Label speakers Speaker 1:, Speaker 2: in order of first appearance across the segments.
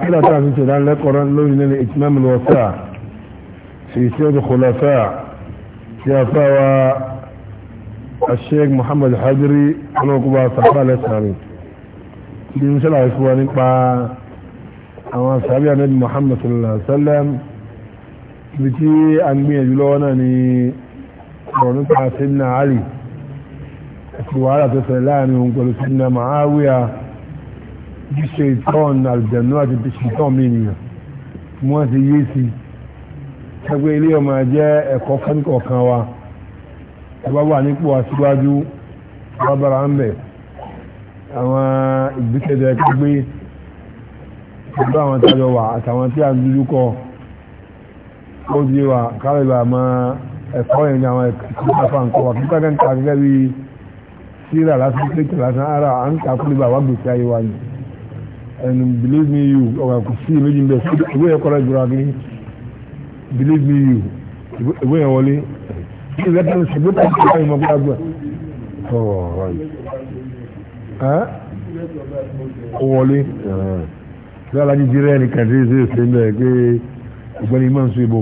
Speaker 1: كلا تعرفين سيدان لك قرآن لون لإتمام الوفاء في سيد الخلفاء سيافا الشيخ محمد حجري أنا قبا صحفا لسامي دي مسألة إخواني قبا أما صحابي النبي محمد صلى الله عليه وسلم بتي أنبياء جلونا ني ونطع سيدنا علي وعلى تسألاني ونقول سيدنا معاوية bí ṣètọ́n àlùjànnú àti bí ṣètọ́n mi nìyàn tí wọ́n ti yé sí ẹgbẹ́ ilé ọmọ jẹ́ ẹ̀kọ́ fẹ́nìkọ̀ọ̀kan wa ẹ̀bá wà nípò aṣíwájú bábára ń bẹ̀ àwọn ìgbésẹ̀dẹ̀ gbé pẹ̀lú àwọn tájọ wà àtàwọn tí a ń dúdú kọ ó di wà kárìbà àmọ́ ẹ̀kọ́ yẹn ni àwọn ẹ̀kọ́ afa nǹkan wà kíkọ́ kẹ́ńtà gẹ́gẹ́ bí síra lásán kéèké lásán ara à ń kà fún ibà wà gbèsè ayé wa nìyí and believe me you ọ̀rọ̀ kò sí méjì bẹ́ẹ̀ ìwé yẹn kọ́ra ìjọra kí believe me you ìwé yẹn wọlé ìwé yẹn kọ́ra ìṣègbè kan kí wọ́n yẹn mọ̀ kó agbá ọ̀rọ̀ ọ̀rọ̀ yìí ó wọlé bí alájí jíra ẹni kàdé ṣe é ṣe ń bẹ̀ pé ìgbẹ́ni imá ń so ìbò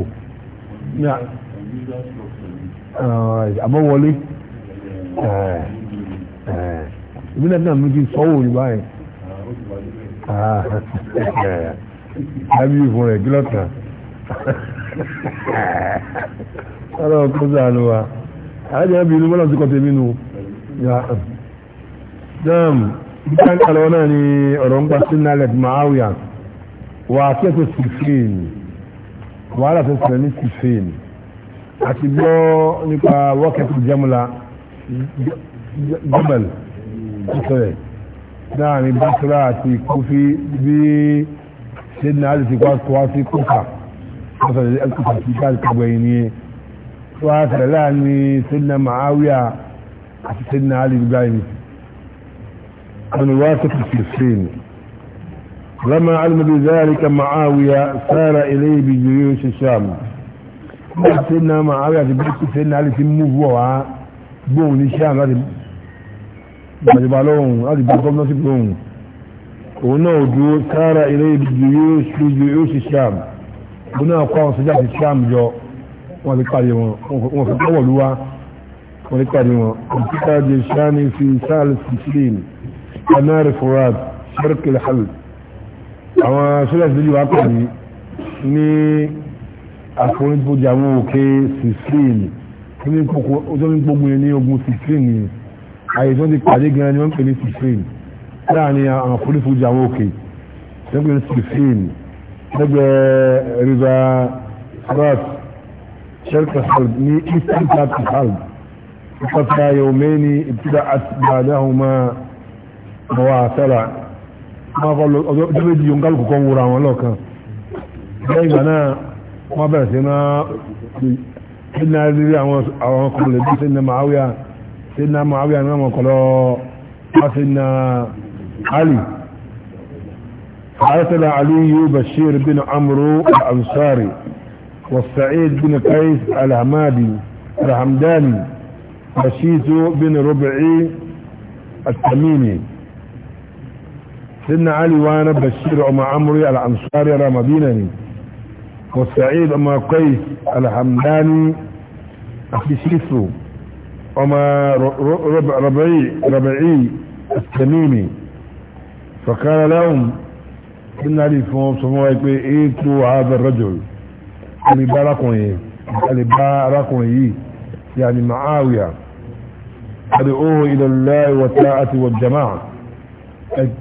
Speaker 1: àmọ́ wọlé ìbílẹ̀ náà mi ti sọ́wọ́ òyìnbá yẹn. Ah. lábíyù fún rẹ̀ gílọ́tàn ọlọ́run tó sàánú wa àájẹ́ bí inú mọ́lá ti kọ́ tèmi nù dáàmù bíkà ń kàlọ́ náà ni ọ̀rọ̀ ń pa sínú alẹ́ ma'áwíà wàhálà tó sẹ̀rẹ̀ ní sí àti gbọ́ nípa wọ́kẹ́tù jẹ́múla jẹ́bẹ̀lì tó sẹ̀rẹ̀ láàrin bákúrá àti kófí bí sẹ́dínà àti ti wá sí kófà ọ̀sọ̀rọ̀ ẹ̀kùnkà sí káàkiri kàgbẹ̀yìn ni tó wá sẹ̀rẹ̀ láàrin sẹ́dínà ma'áwíà àti sẹ́dínà àti ibrahim ọ̀nà wá sọ́tù sí spain lọ́mọ alìmọ̀dé zárika ma'áwíà sára ilé ibi jùlọ ṣe sàmù sẹ́dínà ma'áwíà ti bí sẹ́dínà àti ti mú wọ̀ wá gbóhùn ní sàmù láti gbàjọba lóhùn láti gba gọ́ọ̀mọ́sìp lóhùn òun náà dúró sára ilé ìbìjú yóò ṣíjú yóò ṣe sham òun náà kọ́ àwọn sójà ti sham jọ wọ́n ti pàdé wọn wọ́n fi pọ́wọ́ lúwa wọ́n ti pàdé wọn òkúta jẹ shani fi sáàlì sicilin kanari furat sharkil hal àwọn sójà ti wá pàdé ní àforífojì àwọn òkè sicilin tó ní gbogbo ní ogun sicilin yìí àìsàn ti pàdé gan ni wọ́n ń pè ní sifin láàrin àwọn àforífojì àwọn òkè wọ́n pè ní sifin lẹ́gbẹ̀ẹ́ river cross shelter halb ní eastern capital halb ìfọ̀tà yòómé ní ìtura àtìgbàdáhùn máa wà sára wọ́n kọ́ lọ ọjọ́ méjì yóò ń kálukú kan wúra àwọn lọ́ọ̀kan lẹ́yìn ìgbà náà wọ́n bẹ̀rẹ̀ sí náà ìdílé àwọn ọkùnrin lè dúró sí ní màáwíà سيدنا معاوية أمام القلاه سيدنا علي فأرسل علي بشير بن عمرو الأنصاري والسعيد بن قيس الهمادي الحمداني بشيت بن ربعي التميمي سيدنا علي وانا بشير أم عمري الأنصاري رمضيناني والسعيد أم قيس الحمداني أخي شيسو وما ربعي ربعي التميمي فقال لهم إن لي فهم سموه ايتوا هذا الرجل اللي باركوني اللي باركوني يعني معاوية ادعوه إلى الله والطاعة والجماعة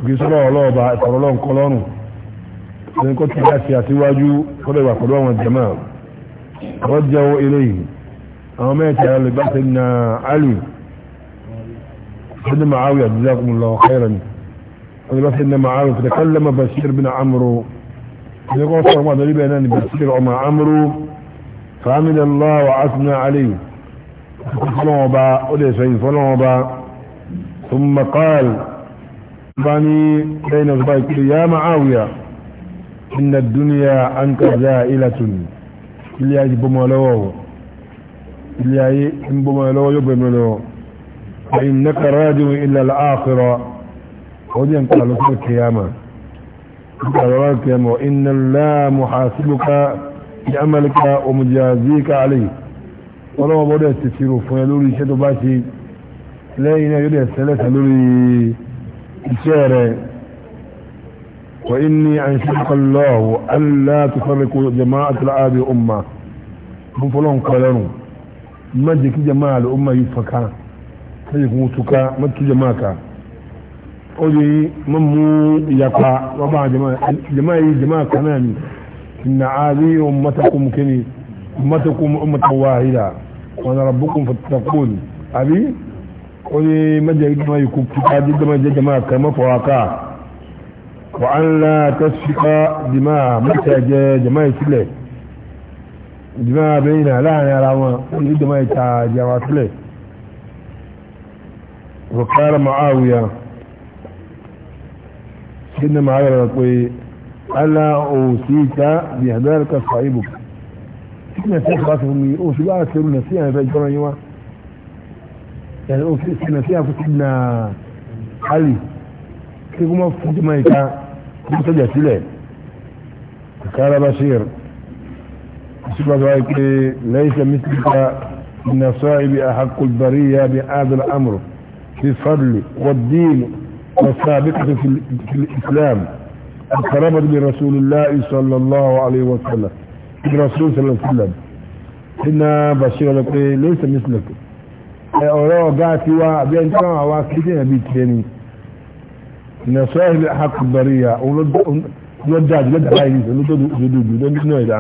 Speaker 1: قصر الله بقى لهم قلونه لأن كنت حاسي أسواجه قلوا قلوا والجماعة رجعوا إليه àwọn mẹ́ta yà lè bá ti na alì sọ́dọ̀ ma'áwì àjíjákùn lọ́wọ́ khairan wọ́n bá ti na ma'áwì fi takallama bashir bin amuru ilé kọ́ sọ́rọ̀ wọn lórí náà ni bashir ọmọ amuru fàmílì allah wa asuna alì fọlọ́wọ́ ba ó lè sọyìn fọlọ́wọ́ ba ثم قال بني بين البيت يا معاوية إن الدنيا أنك زائلة كل يجب مولوه ilé ayé ń bọ́ mọ́ lọ́wọ́ yóò bẹ̀rẹ̀ lọ́wọ́ ẹ̀yìn nẹ́kà rájùn ilẹ̀ àkọrọ ọdún ẹ̀kọ́ وإن kìyàmà ìkàrọ̀rọ̀ kìyàmà iná láàmù àṣìbùká ní amẹ́ríkà omujazika alẹ́ ọlọ́wọ́ bọ́dẹ̀ ti ṣirò fún ẹ lórí iṣẹ́ tó الله ألا تفرقوا جماعة العاب أمة من فلهم قالوا má jẹ́ kí jama al'umma yìí faka má jẹ́ kí wọ́n túká má tú jama ká ó lè má mú ìyapa wọ́n bá jama jama yìí jama kan náà ni inna azi ummatakum kini ummatakum ummatan wahida wa rabbukum fattaqun abi ó lè má jẹ́ kí jama yìí kú túká jama jẹ́ jama kan má fọwọ́ wa an la tasfiqa dima má jẹ́ jama yìí sílẹ̀ ìjìmọ̀ abẹ́yìn náà láàrin ara wọn ó ní ìdìmọ̀ ìta ìjàwá sílẹ̀ وقال معاوية سيدنا معاوية يقول ألا أوسيك بإهدارك صعيبك سيدنا سيخ راسهم أوسي بقى سيروا نسيها في الجرى يوا يعني أوسي نسيها في سيدنا علي كيف ما فجمعك كيف تجأت إليه قال بشير síbà sọ pé lẹ́yìn mísíkà iná sọ ibi àhàkùn bàrí ya bí adùn amúrò fi fadli wàdín وثابتة في الإسلام القرابة برسول الله صلى الله عليه وسلم برسول صلى الله عليه وسلم iná bàṣírọ̀ lọ pé lóòsàn mísìlẹ̀kù ọ̀rọ̀ ọ̀gá àti wá àbí ẹni tán àwa kìrìtìyàn àbí ìtìlẹ́ni ìnà sọ́ọ̀hìn àkùbẹ̀rẹ̀ yà ló dájú lọ́dà láì ní ìṣòlódòdò ìdá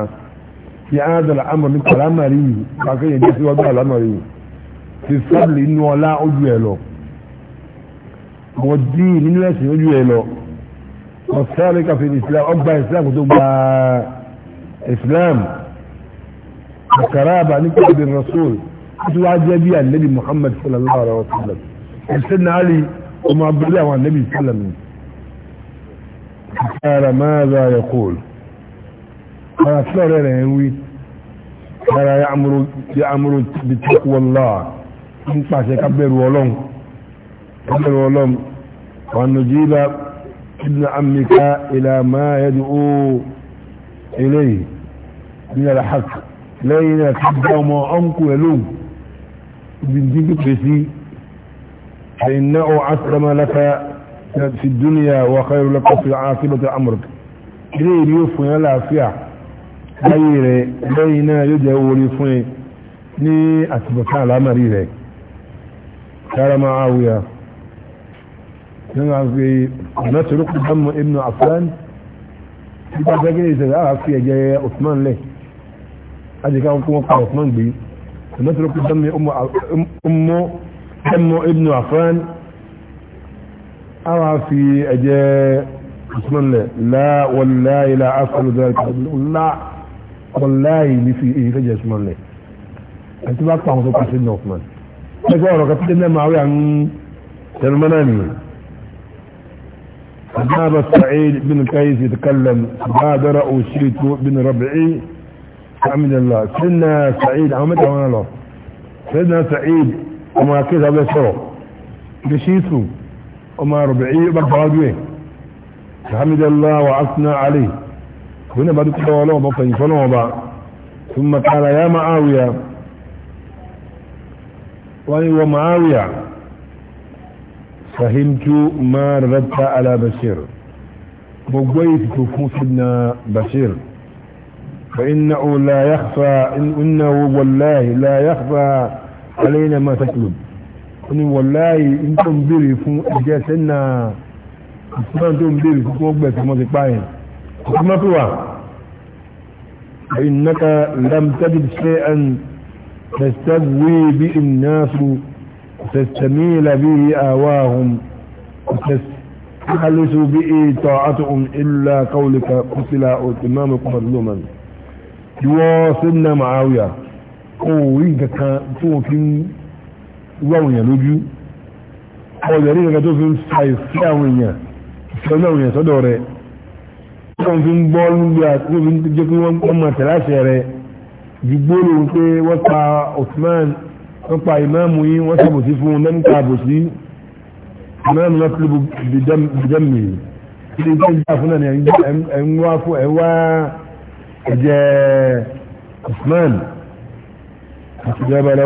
Speaker 1: fi hàn dọ̀là àmọ̀ mi kọ̀lá mà rí yìí pàṣẹ yẹn jẹ́ síwájú àlá mà rí yìí fi sábìlì inú ọlá ojú ẹ lọ wọ́n dín nínú ẹ̀sìn ojú ẹ lọ wọ́n sáré káfíń islam ọgbà islam tó gba islam karaba ní kọ́bí rasul tí wàá jẹ́ bí anabi muhammad sallallahu alaihi wa sallam ẹ̀sìn náà rí ọmọ abúlé àwọn anabi sallam ni. قال ماذا يقول ara tí ọ̀rẹ́ rẹ̀ ń wí ara ya amúrò bí tẹ́kùwọ́lá ń pàṣẹ kábẹ̀rù ọlọ́run kábẹ̀rù ọlọ́run wọn nù jí bá ibùdó amíká ilà máa yẹ́dù ó ilé ní ara hak lẹ́yìn náà ká bá ọmọ ọ̀nkù ẹ̀ lóhùn ibi tí kò pè sí ẹ̀yìnná ọ̀ asọ́mọ́ lẹ́ka fi dúnìyà wà káyọ̀ lẹ́kọ̀ọ́ fi àásìbọ̀tọ̀ amúrò ilé ìlú fún yẹn láàfíà láyé rẹ̀ lẹ́yìn náà yóò jẹ́ orí fún ẹ ní àtìbọ̀tán àlámàrí rẹ̀ kára máa wúya nínú àgbé ọ̀nà tó rúkú dámọ̀ ibnu Affan nípa fẹ́gẹ́ ìṣẹ̀lẹ̀ àwọn fi ẹ̀jẹ̀ Usman lẹ̀ ajẹ́ká wọn kí wọ́n pa Usman gbé ọ̀nà tó rúkú dámọ̀ ọmọ dámọ̀ ibnu Affan àwọn fi ẹ̀jẹ̀ Usman lẹ̀ láwọ̀lá ilà afẹ́lú dáadáa wàláyé ní fi èyí fẹ́ jẹ́ súnmọ́ lẹ̀ àti bá pa àwọn tó pàṣẹ ní ọ̀pọ̀ ẹgbẹ́ ọ̀rọ̀ kan tẹ́lẹ̀ máa rí àwọn tẹnumọ́ náà nìyẹn أجاب سعيد بن كيس يتكلم بادر أوشيت بن ربعي الحمد لله سيدنا سعيد عمد وانا له سيدنا سعيد وما كذا بسره بشيسو وما ربعي بقى الحمد لله وعثنا عليه هنا بعد كده ولا ما طيب ولا ما ثم قال يا معاوية وهو معاوية فهمت ما ردت على بشير بقيت تفوتنا بشير فإنه لا يخفى إنه والله لا يخفى علينا ما تطلب ni wọ̀láyé ń tó ń bèèrè fún ẹgbẹ́ sẹ́nà ìfúnná tó ń bèèrè fún ọgbẹ̀sẹ̀ mọ́ ti páyìn حكمتها فإنك لم تجد شيئا تستذوي به الناس وتستميل به آواهم وتستخلص به طاعتهم إلا قولك قتل اتمامك مظلوما يواصلنا معاوية قوي كان توفين wáwòyàn lójú ọ̀dẹ̀ rí ẹgbẹ́ tó fi ń fa ìfẹ́ àwòyàn ìfẹ́ ọlọ́wòyàn sọ́dọ̀ rẹ̀ wọn fi ń gbọ́ lórí àti wọn fi ń jẹ́ pé wọ́n mọ̀ tẹ̀láṣẹ rẹ̀ dìgbòrò pé wọ́n pa Osman wọ́n pa ìmáàmù yìí wọ́n sàbòsí fún un lẹ́nu ká àbòsí ìmáàmù náà kílóbù bìdẹ́mì ilé iṣẹ́ ìjà fún náà ni ẹ̀ń wá fún ẹ̀ wá ẹ̀jẹ̀ Osman fàṣìdábàlá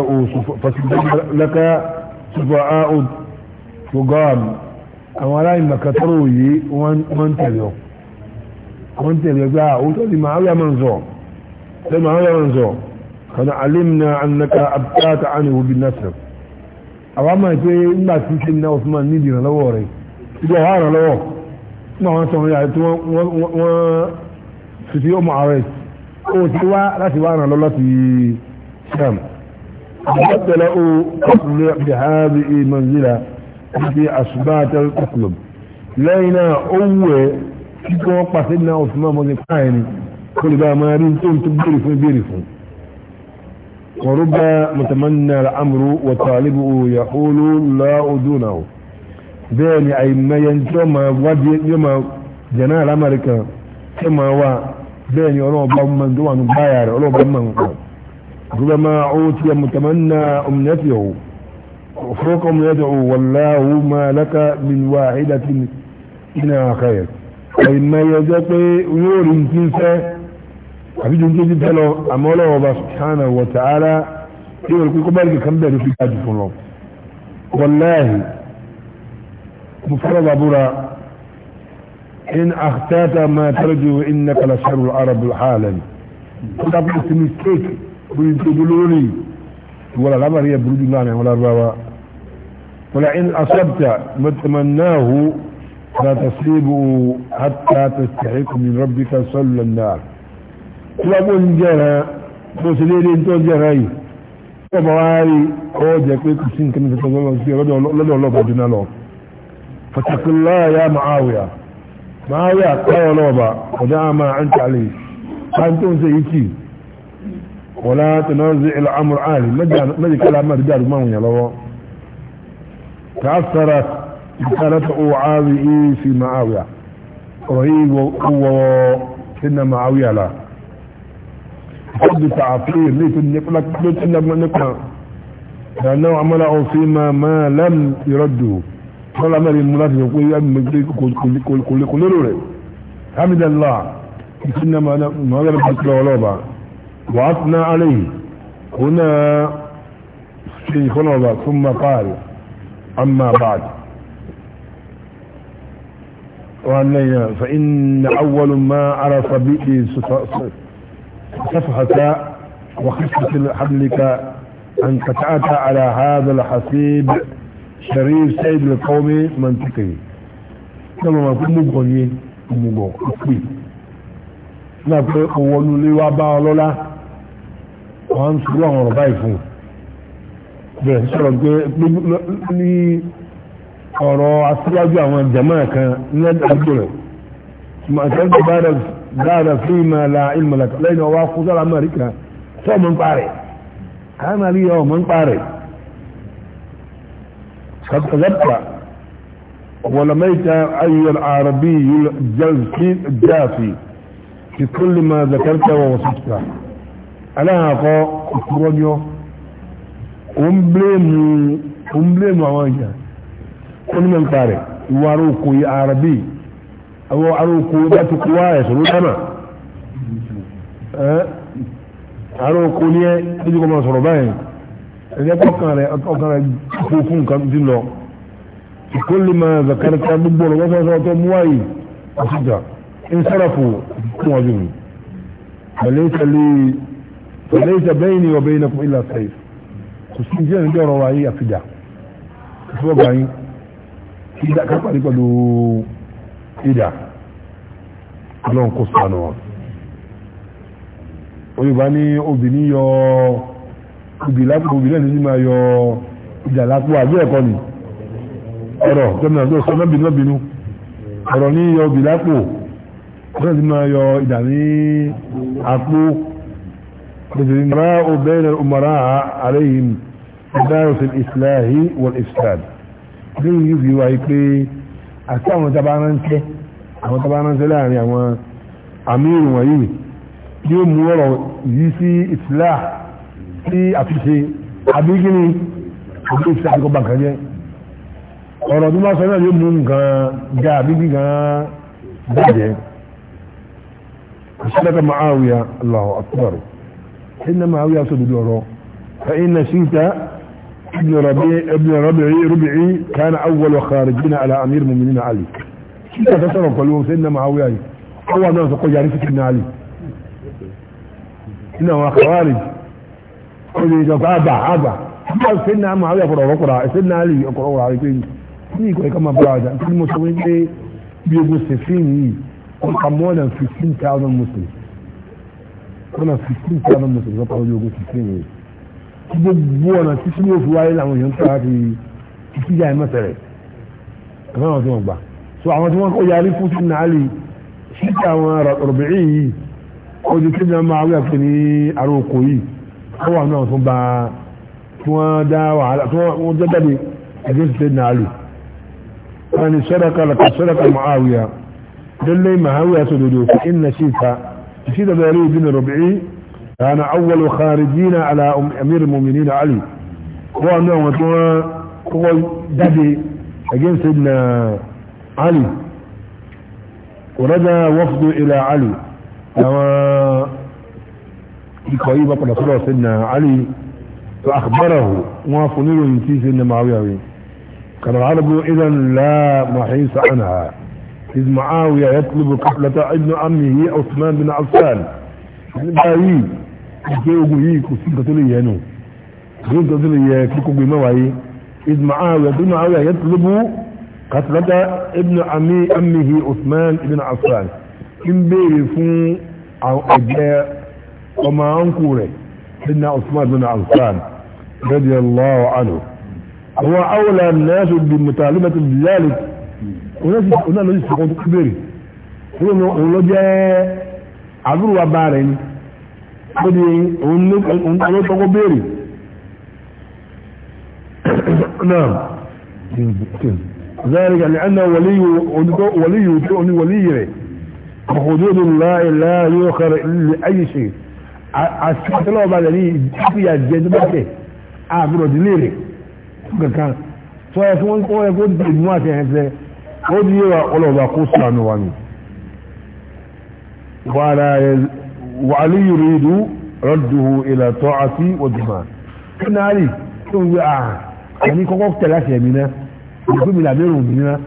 Speaker 1: lẹ́ka ṣùgbọ́ àwọn ọ̀gá àwọn aláìmọ̀kàtọ́rọ̀ yìí wọ́n tẹ̀lé ọ̀pọ̀ wọ́n tẹ̀lé gbá ah, òótọ́ ni màá rẹ̀ máa ń sọ lẹ́nu màá rẹ̀ máa ń sọ kàná alimna annaka abdata anihu bin nasir àwa máa pé nígbà tí ṣe ní Osman níbi ìrànlọ́wọ́ rẹ̀ ibi àwọn ìrànlọ́wọ́ nígbà wọn sọ wọn tí wọ́n fìfì ọmọ ààrẹ ó ti wá láti wá ìrànlọ́wọ́ láti sham حتى لقوا قتل بهذه المنزلة في أسبات القتلب لينا قوة kí wọ́n pàṣẹ ní àwọn òfin mọ́mọ́ ní káyẹ̀ ni kó lè bá a máa rí tó ń tó béèrè fún ìbéèrè fún. وربما متمنى الأمر وطالبه يقول لا أدونه bẹ́ẹ̀ni àìmẹyẹ tí ó máa wádìí yóò máa jẹ̀nà alámẹ́ríkà tí ó máa wá bẹ́ẹ̀ni ọlọ́ọ̀bá ọmọ tó wà ní báyà rẹ̀ ọlọ́ọ̀bá ọmọ nǹkan gbogbo máa ó ti ẹ̀ mùtàmánà ọmọnẹ́tì ọ̀hún fọ́ọ̀kọ́ ọmọnẹ́tì ọ̀hún wàláhù máa lákà min wà áìdá tí ní àkàyẹ̀ àìmọye ọjọ́ pé yóò rí ti ń fẹ́ àbí ju ti ń fẹ́ lọ àmọ́ ọlọ́wọ́ bá subhanahu wa ta'ala yóò rí pé kó bẹ́ẹ̀ kankan bẹ́ẹ̀ ló fi gbájú fún lọ. wàláhì mo fọ́nà bàbúrà in akhtata ma tarju innaka la sharu al-arab al-alam kó dábàá ti mistake bí n tó dolórí wala lábàrí ẹ̀ burúkú náà ní àwọn lárúbáwá wala in asabta matamannahu لا تصيبوا حتى تستحق من ربك صلى النار لا من الجرى مسلين انتو الجرى وبواري اوجه كويكو سين كنت تتظلوا الله. لدو الله فجنا له فتق الله يا معاوية معاوية قال نوبة ودعا ما انت عليه فانتم سيكي ولا تنازع الامر عالي ما جاء كلام ما تدار ما هو تعثرت ìtàlẹ́tọ̀ ààrí sí ma'áwíà ọ̀rọ̀ yìí wọ́wọ́ sínú ma'áwíà la ọdúnta àfihàn ní ìtò nípa ìdáná àmọ́lá òfin máa máa lẹ́m ìrọ́dù lọ́la mẹ́rin mú láti rẹ̀ pé ẹgbẹ̀gbẹ̀ kò lérò rẹ̀ hamidallah ìsinmi mọ́lá rẹ̀ pàtàkì ọlọ́ọ̀bà wàá tún náà alẹ́ òun náà ṣe ìfọ́nà ọba fún mapáàrí amma báàdì وأني فإن أول ما عرف به صفحة وخفة حبلك أن قطعت على هذا الحسيب شريف سيد القوم منطقي كما ما كنت مبغني مبغو أكوي na pé owó nulé wá bá ọlọ́lá wọ́n ń sọ́rọ̀ àwọn ọ̀rọ̀ báyìí fún bẹ̀rẹ̀ sọ́rọ̀ pé ní ọ̀rọ̀ aṣíwájú àwọn jama kan ní àdúgbò rẹ̀ màtẹ́ntì dáadáa fi máa la ilmọ̀lẹ́kà lẹ́yìn ọwá kú sára amẹ́ríkà tó mọ́ ń parẹ̀ kánàlì yọ mọ́ ń parẹ̀ kàtàkàtà wàlámẹ́ta ayyul arabi yul jafi fi kulli ma zakarta wa wasutta aláhàkọ́ kòkòrò ni ó ń bléèmù àwọn èèyàn onímọ̀ nípa rẹ̀ ìwà aróko arabi àwọn aróko bá ti kú wá ẹ̀sùn ló dáná aróko ní ẹ lójú kọ́ máa sọ̀rọ̀ báyìí ẹ̀jẹ̀ kọ́kàn rẹ̀ ọkàn rẹ̀ kó fún nǹkan ti lọ ìkólé máa zakarita gbogbo ọ̀rọ̀ wọ́n sọ̀rọ̀ tó mú wáyé ọ̀sùjà ń sọ̀rọ̀fù fún ọjọ́ mi pẹ̀lẹ́sẹ̀ bẹ́yìn ni ọ̀bẹ̀yìn náà fún ilà sẹ́yìn kò sí jẹ́ ìjọ́rọ̀ wáyé àfìjà ìfọ́gbà yín ìdá kan pàdé pẹ̀lú ìdá ọlọ́run kó sànù wọn olùbá ní obìnrin yọ obì lápò obìnrin ẹni tí máa yọ ìjà lápò àbí ẹ̀kọ́ ni ọ̀rọ̀ gómìnà tó sọ lọ́bìnú lọ́bìnú ọ̀rọ̀ ní yọ obì lápò ọ̀rọ̀ tí máa yọ ìdà ní àpò obìnrin náà obìnrin umara àlẹ́yìn ìdáyọ̀sìn ìsìláhì wal ìfisàdì lẹ́yìn yóò fi wáyé pé àti àwọn tàbá ránṣẹ́ àwọn tàbá ránṣẹ́ láàrin àwọn àmírù wọ̀nyí yóò mú ọ̀rọ̀ yìí sí ìsìlá sí àtúnṣe àbí kí ni àbí ìsìlá àti kọba kan ọ̀rọ̀ tó bá sọ náà yóò mú nǹkan já àbí gan bàjẹ́ ìṣẹ́lẹ̀kẹ́ Muawiya Allahu akbar inna Muawiya sọ dúdú ọ̀rọ̀ fa inna ابن ربيع ابن ربيعي ربيعي كان اول وخارجين على امير المؤمنين علي كيف تصرف قالوا سيدنا معاويه هو ما سقوا يعرف سيدنا علي انه خارج. قل لي ابا ابا قال سيدنا معاويه قرا قرا سيدنا علي قرا قرا ni ko kama brother kin mo so wende bi go se fini on ka more than 15000 muslims on a 15000 muslims on ka go gbogbo ọ̀nà tí sinmi òfin wáyé làwọn èèyàn ń tọ́ láti ìtìjà ẹ̀ mọ́sẹ̀rẹ̀ àmọ́ àwọn tí wọ́n gbà so àwọn tí wọ́n kọ́ yarí fún sinmi àlè ṣíkà àwọn rọ̀bìrì yìí ojú tí wọ́n máa wíwà pé ní àròkò yìí wọ́n wà náà tún bá tí wọ́n dá wàhálà tí wọ́n jẹ́ jáde ẹ̀jẹ̀ sì tẹ́ nàálì wọ́n ni sọ́dọ̀kà lọ́kà sọ́dọ̀kà màáwíà lọ́lẹ́ màáwíà كان أول خارجين على أمير المؤمنين علي هو أنه هو دبي أجين سيدنا علي ورجع وفد إلى علي و قريبا قد أصدر سيدنا علي فأخبره وفنير ينتي سيدنا معاوية كان العرب إذا لا محيص عنها إذ معاوية يطلب قفلة ابن عمه عثمان بن عفان بايه ìgbé ogun yìí kò sí nǹkan tó lè yẹ nù kò sí nǹkan tó lè yẹ kíkó gbé mẹ́wàá yìí ismaawiyah tó máawiyah yẹn tulubu katilata ibnu ami amihi usman ibnu affan ń béèrè fún ẹgbẹ́ ọmọ ànkù rẹ̀ ibnu usman ibnu affan radiyallahu anhu àwọn awla an-nas bi mutalibati bizalik òun náà ló sì sọ kúbèrè òun ló jẹ́ àbúrò wa bá rẹ̀ ni ó di òun ló tọ́kọ́ béèrè náà ذلك لأنه ولي ولي تؤني ولي وحدود الله لا يؤخر لأي شيء àṣìkò tó lọ́wọ́ bá lẹ̀ ní ìdíkìyà jẹ tó bá tẹ̀ àbúrò ìdílé rẹ̀ kankan tó yẹ kí wọ́n ẹ kó di ìmú àti ẹ̀hẹ́ tẹ́ ó di yíwa ọlọ́ọ̀bà kó sànù wa ni. wàhálà وعلي يريد رده الى طاعتي والجماعة قلنا علي تقول اه يعني كوكو ثلاثة يمينا يقول من الامير ومينا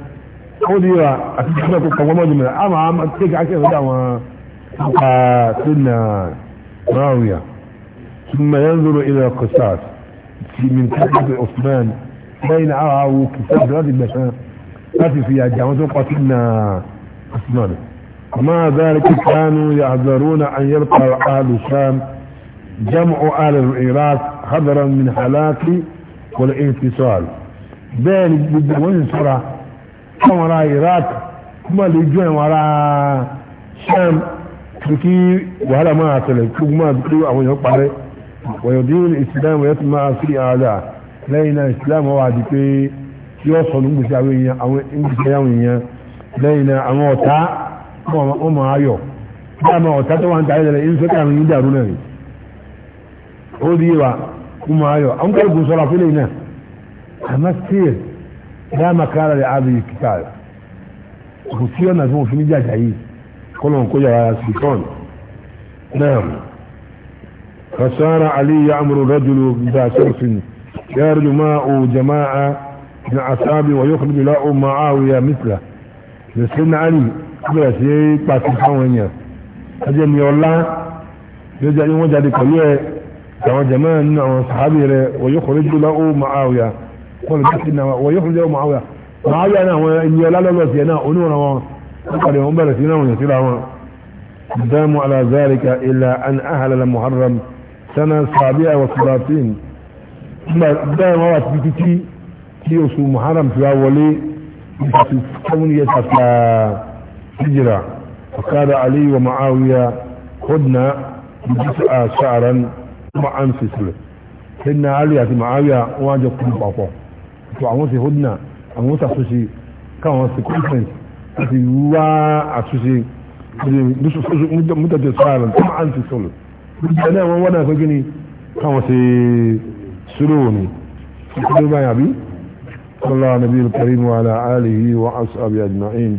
Speaker 1: قولي اتجحنا كوكو وما جمينا اما اما تيجع كيف دعوة سنة راوية ثم ينظر إلى القصاص من تحت عثمان بين عاو كتاب راتب بشان راتب في الجامعة قاتلنا عثمان وما ذلك كانوا يحذرون أن يلقى أهل شام جمع آل العراق حذرا من هلاك والانفصال بين بدون سرعة كما وراء العراق كما لجوين وراء شام تركي وهلا ما أعتلك كما تقريبا أو يقبل ويدين الإسلام ويتمع في أعداء لأن الإسلام هو في يوصل المساوية أو المساوية لأن أموتا ọmọ ayọ̀ dáàmà ọ̀tá tó wà ń tàyẹ̀ lẹ́lẹ́ ìṣẹ́ kàrin ní dàrú náà rí ó di wa ọmọ ayọ̀ àwọn kẹ́lùkù sọ́ra fún lẹ́yìn náà àmá síl dáàmà kára rẹ̀ àbí kíkà kò sí ọ̀nà tí wọ́n fi ní jàjà yìí kọ́lọ̀ ń kóyà ara sí tọ́n náà علي يأمر رجل ذا شرف يرد ماء جماعة من أصحابه ويخرج له معاوية مثله لسن علي bẹ̀rẹ̀ sí pàṣẹ fáwọn èèyàn ẹjẹ́ ni ọlá lójá ni wọ́n jáde pẹ̀lú ẹ àwọn jẹ̀mọ́ nínú àwọn sàábì rẹ wọ́yọ́kùnrin jùlọ ó Muawiya kọlù bá ti nà wọ́yọ́kùnrin jùlọ Muawiya Muawiya náà àwọn ẹni ọlá lọ́lọ́ sí ẹ náà oníwọ̀n wọn wọ́n pàdé wọn bẹ̀rẹ̀ sí náà síra wọn. dáàmú ala zalika illa an ahalala muharram sana sàbíà wa sàbàtìn bẹ́ẹ̀ wọ́n títí tí oṣù muharram ti wá wọlé ìfàtí هجرة فقال علي ومعاوية خدنا بجسع شعرا مع أنفسل سيدنا علي ومعاوية واجه كل بابا فأموسي خدنا أموسي أسوسي كان واسي كونفرنس أسي وا أسوسي مدة شعرا مع أنفسل أنا وأنا فجني كان واسي سلوني فكذا ما يبي صلى الله على النبي الكريم وعلى آله وأصحابه أجمعين